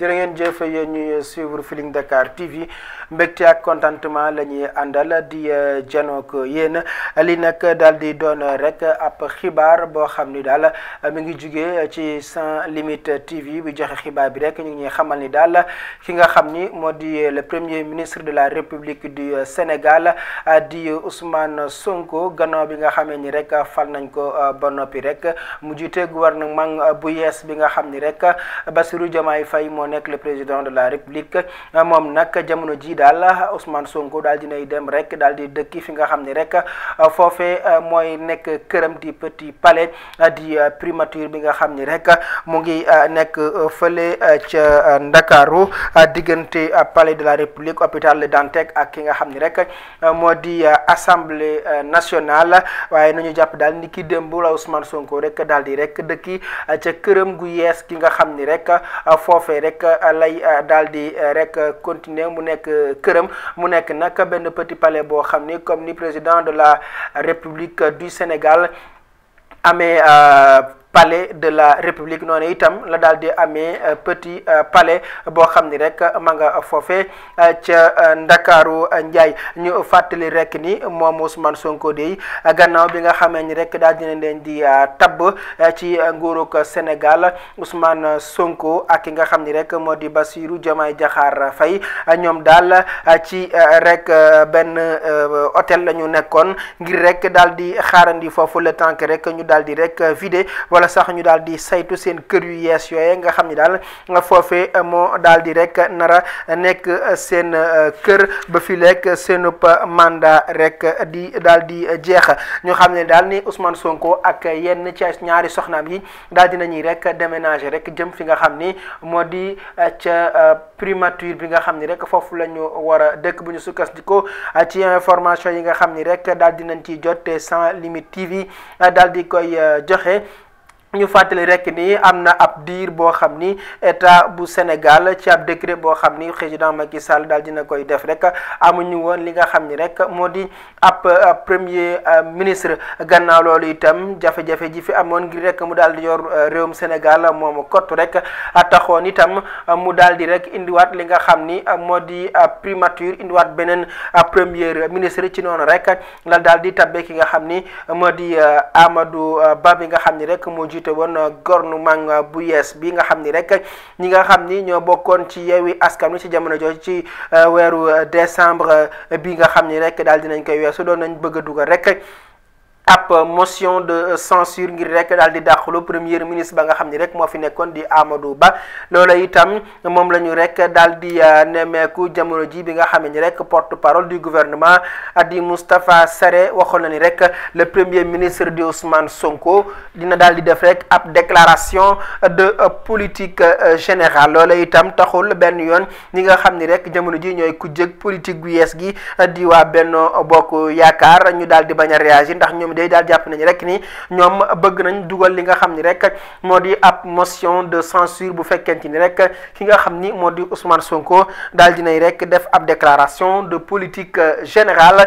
jërë ngeen jëf yéen ñuy suivre Feeling Dakar TV mbégte ak contentement la ñuy àndal di euh, janook yéen li nag daal di doon rek ap xibaar boo xam ni daal euh, mi ngi jugee ci Sans Limites TV bu joxe xibaar bi rek ñu ngi ñuy xamal ni dal ki nga xam ni moo di euh, le premier ministre de la République du Sénégal di Ousmane Sonko gannaaw bi nga xamee ni rek fal nañ ko ba noppi rek mu jiite gouvernement bu yees bi nga xam ni rek Bassirou Diomaye Faye moo nekk le président de la république moom nag jamono ji daal Ousmane Sonko daal dinay dem rek daal di dëkki fi nga xam ni rek foofe mooy nekk këram di petit palais di primature bi nga xam ni rek mu ngi nekk fële ca Ndakaaru diggante palais de la république hôpital Le Dantec nga xam ni rek moo di assemblée nationale waaye nañu jàpp daal ni ki démb la Ousmane Sonko rek daal di rek dëkki ca këram gu yees ki nga xam ni rek foofe rek euh, lay euh, daal di euh, rek continuer mu nekk këram mu nekk nag benn petit palais boo xam ni comme ni président de la république du Sénégal amee. palais de la république noonu itam la daal di amee euh, petit euh, palais boo xam ni rek ma nga foofe euh, ca ndakaaru Ndiaye ñu fàttali rek ni moom Ousmane Sonko dey gannaaw bi nga xamee ni rek daal dina leen di tabb ci nguurug Sénégal Ousmane Sonko ak ki nga xam ni rek moo di Bassirou Diomaye Diakhar Faye ñoom daal ci rek benn hôtel la ñu nekkoon ngir rek daal di xaarandi foofu le temps rek ñu daal di rek vidé sax ñu daal di saytu seen kër yu yees yooye nga xam ni daal nga foofee moo daal di rek nara nekk seen euh, kër ba fi lekk seenub mandat rek di daal di jeex ñu xam ne daal ni Ousmane Sonko ak yenn ci ñaari soxnaam yi daal di nañuy rek déménager rek jëm fi nga xam ni moo di euh, ca euh, primature bi nga xam ni rek foofu la ñu war a dëkk buñu ñu sukkandikoo ci information yi nga xam ni rek daal di nañ ci jot sans limite TV daal di koy joxe. ñu fàttali rek nii am na ab diir boo xam ni état bu Sénégal ci ab décret boo xam ni président Macky Sall daal dina koy def rek amuñu woon li nga xam ni rek moo di ab premier euh, ministre gannaaw loolu itam jafe-jafe ji fi amoon ngir rek mu daal di yor euh, réewum Sénégal moomu kott rek taxoon itam mu daal di rek indiwaat li nga xam ni moo di primature indiwaat beneen premier ministre ci noonu rek la daal di tabbe ki nga xam ni moo di euh, Amadou Ba bi nga jiite woon gouvernement bu yees bi nga xam ni rek ñi nga xam ni ñoo bokkoon ci yeewi askan wi ci jamono jooju ci euh, weeru euh, décembre euh, bi nga xam ni rek daal dinañ koy su doon nañ bëgg a dugal rek ab motion de censure ngir rek daal di dàqalu premier ministre ba nga xam ni rek moo fi nekkoon di Amadou Ba loola itam moom la ñu rek dal di euh, nemmeeku jamono ji bi nga xam ni rek porte parole du gouvernement di Moustapha Sarré waxoon na ni rek le premier ministre di Ousmane Sonko dina daal di def rek ab déclaration de politique euh, générale loola itam taxul benn yoon ñi nga xam ni rek jamono ji ñooy ku jëg politique gu yees gi di waa Benno Bokk Yaakaar ñu daal di bañ a ndax ñoom mi day jàpp nañu rek nii ñoom bëgg nañ dugal li nga xam ni rek moo di ab motion de censure bu fekkente ni rek ki nga xam ni moo di Ousmane Sonko daal dinay rek def ab déclaration de politique générale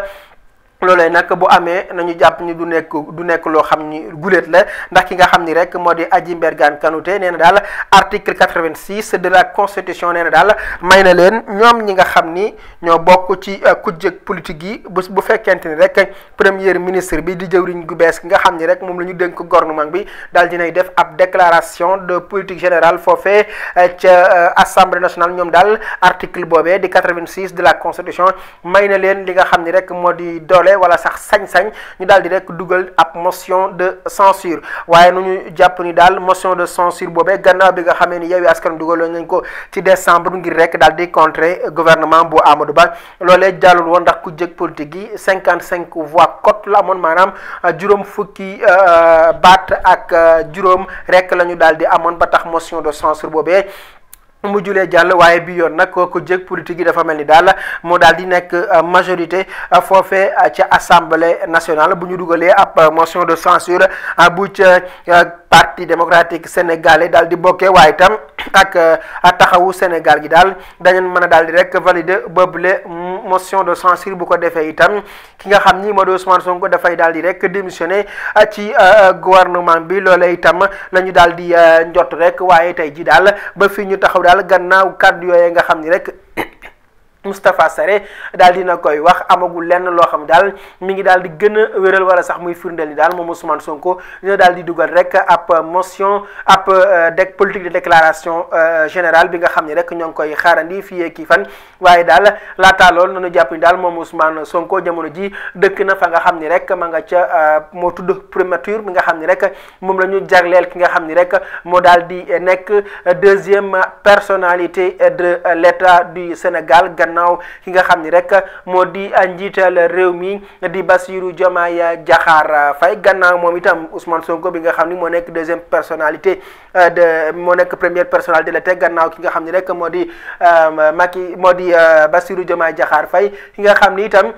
loolee nag bu amee nañu jàpp ni du nekk du nekk loo xam ni guléet la ndax ki nga xam ni rek moo di Adji Mbergane Kanouté nee na daal article 86 de la constitution nee na daal may na leen ñoom ñi nga xam ni ñoo bokk ci euh, ku kujjëg politique yi bu bu fekkente ni rek premier ministre bi di jëwriñ gu bees ki nga xam ni rek moom la ñu dénk gouvernement bi daal dinay def ab déclaration de politique générale foofee euh, ca euh, assemblée nationale ñoom daal article boobee di 86 de la constitution may na leen li nga xam ni rek moo di doole doole wala sax sañ-sañ ñu daal di dugal ak motion de censure waaye nu ñu jàpp ni daal motion de censure boobee gannaaw bi nga xamee ni Yewwi Askan dugaloon nañ ko ci décembre ngir rek daal di contrer gouvernement bu Amadou Ba loole jàllul woon ndax ku jëg politique yi cinquante cinq voix cote la amoon maanaam juróom fukki euh, baat ak euh, juróom rek la ñu daal di amoon ba tax motion de censure boobee mu julee jàll waaye bi yoon nag kooku jëg politique yi dafa mel ni daal moo daal di nekk euh, majorité euh, foofee euh, ca assemblée nationale bu ñu dugalee ab motion de censure bu ca parti démocratique sénégalais daal di bokkee waaye itam ak taxawu Sénégal gi daal dañu mën a daal di rek valider boobule motion de censure bu ko defee itam ki nga xam ni moo di Ousmane ko dafay daal di rek démissionné ci euh, euh, gouvernement bi loole itam la ñu daal di euh, njot rek waaye tey ji daal ba fii ñu taxaw daal gannaaw kàddu yooyee nga xam ni rek. Moustapha Sare daal dina koy wax amagul lenn loo xam daal mi ngi daal di gën a wéral wala sax muy firndeel ni daal moom Ousmane Sonko dina daal di dugal rek ab motion ab euh, deg politique de déclaration euh, générale bi nga xam ne rek ñoo ngi koy xaarandi fii kii fan waaye daal laataa lool nañu jàpp ni daal moom Ousmane Sonko jamono ji dëkk na fa nga xam ni rek ma nga ca euh, moo tudd primature bi nga xam ni rek moom la ñu jagleel ki nga xam ni rek moo daal di nekk deuxième personnalité de l' état du Sénégal gannaaw ki nga xam ni rek moo di njiital réew mi di Bassirou Diomaye Diakhar fay gannaaw moom itam Ousmane Sonko bi nga xam ni moo nekk deuxième personnalité euh, de moo nekk première personnalité la teg gannaaw ki nga xam ni rek moo di euh, Macky moo di euh, Bassirou Diomaye Diakhar fay ki nga xam ni itam.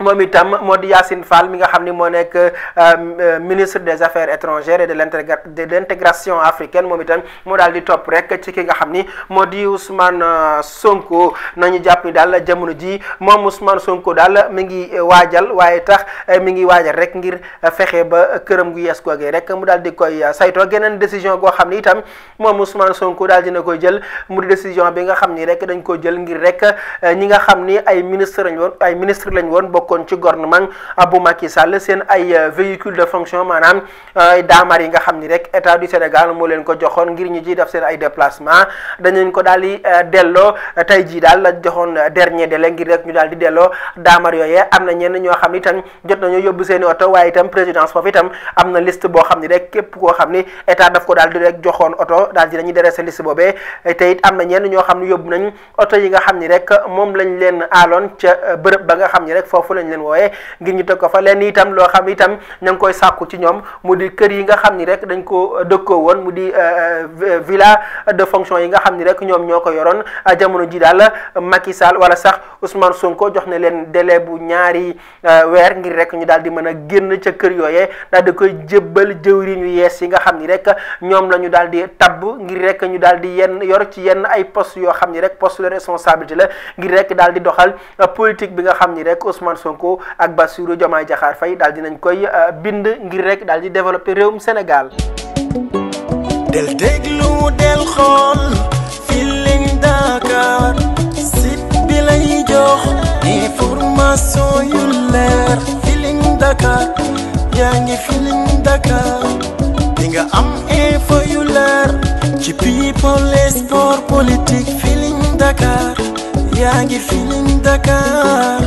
moom itam moo di Yacine Fall mi nga xam ni moo nekk euh, euh, ministre des affaires étrangères et de l' intégration africaine moom itam moo daal di topp rek ci ki nga xam ni moo di Ousmane euh, Sonko nañu jàpp ni daal jamono ji moom Ousmane Sonko daal mi ngi waajal waaye tax mi ngi waajal rek ngir fexe ba këram gu yees googee rek mu daal di koy sayto geneen décision goo xam ni itam moom Ousmane Sonko daal dina koy jël mu di décision bi nga xam ni rek dañ ko jël ngir rek ñi nga xam ni ay ministre lañ woon ay ministre lañ woon bokk bokkoon ci gouvernement bu Macky Sall seen ay euh, véhicule de fonction maanaam euh, daamar yi nga xam ni rek état du Sénégal moo leen ko joxoon ngir ñu ciy def seen ay déplacement dañu ko daal di euh, delloo tey jii daal la joxoon dernier délai ngir rek ñu daal di delloo daamar yooyee am na ñenn ñoo xam ni itam jot nañu yóbbu seen oto waaye itam présidence foofu itam am na list boo xam ni rek képp koo xam ni état daf ko daal di rek joxoon oto daal di dañuy dere sa liste boobee te am na ñenn ñoo xam ni yóbbu nañ oto yi nga xam ni rek moom lañ leen aaloon ca bërëb ba nga lañ ngir ñu teg ko fa leen itam loo xam itam ña ngi koy sàkku ci ñoom mu di kër yi nga xam ni rek dañ ko euh, dëkkoo woon mu di euh, euh, villa de fonction yi nga xam ni rek ñoom ñoo ko yoroon jamono ji daal Macky Sall wala sax Ousmane Sonko jox na leen délai bu ñaari weer ngir rek ñu daal di mën a génn ca kër yooyee daal koy jébbal jëwriñ yu yees yi nga xam ni rek ñoom la daal di tabb ngir rek ñu daal di yenn yor ci yenn ay post yoo xam ni rek post de responsabilité la ngir rek daal di doxal politique bi nga xam ni rek Ousmane Sonko Sonko ak Bassirou Diomaye Diakhar Faye daal dinañ koy euh, bind ngir rek daal di développer réewum Sénégal. del déglu del xool Feeling Dakar site lay jox information yu leer Feeling Dakar yaa ngi Feeling Dakar di nga am info yu leer ci people sport politique Feeling Dakar yaa ngi Feeling Dakar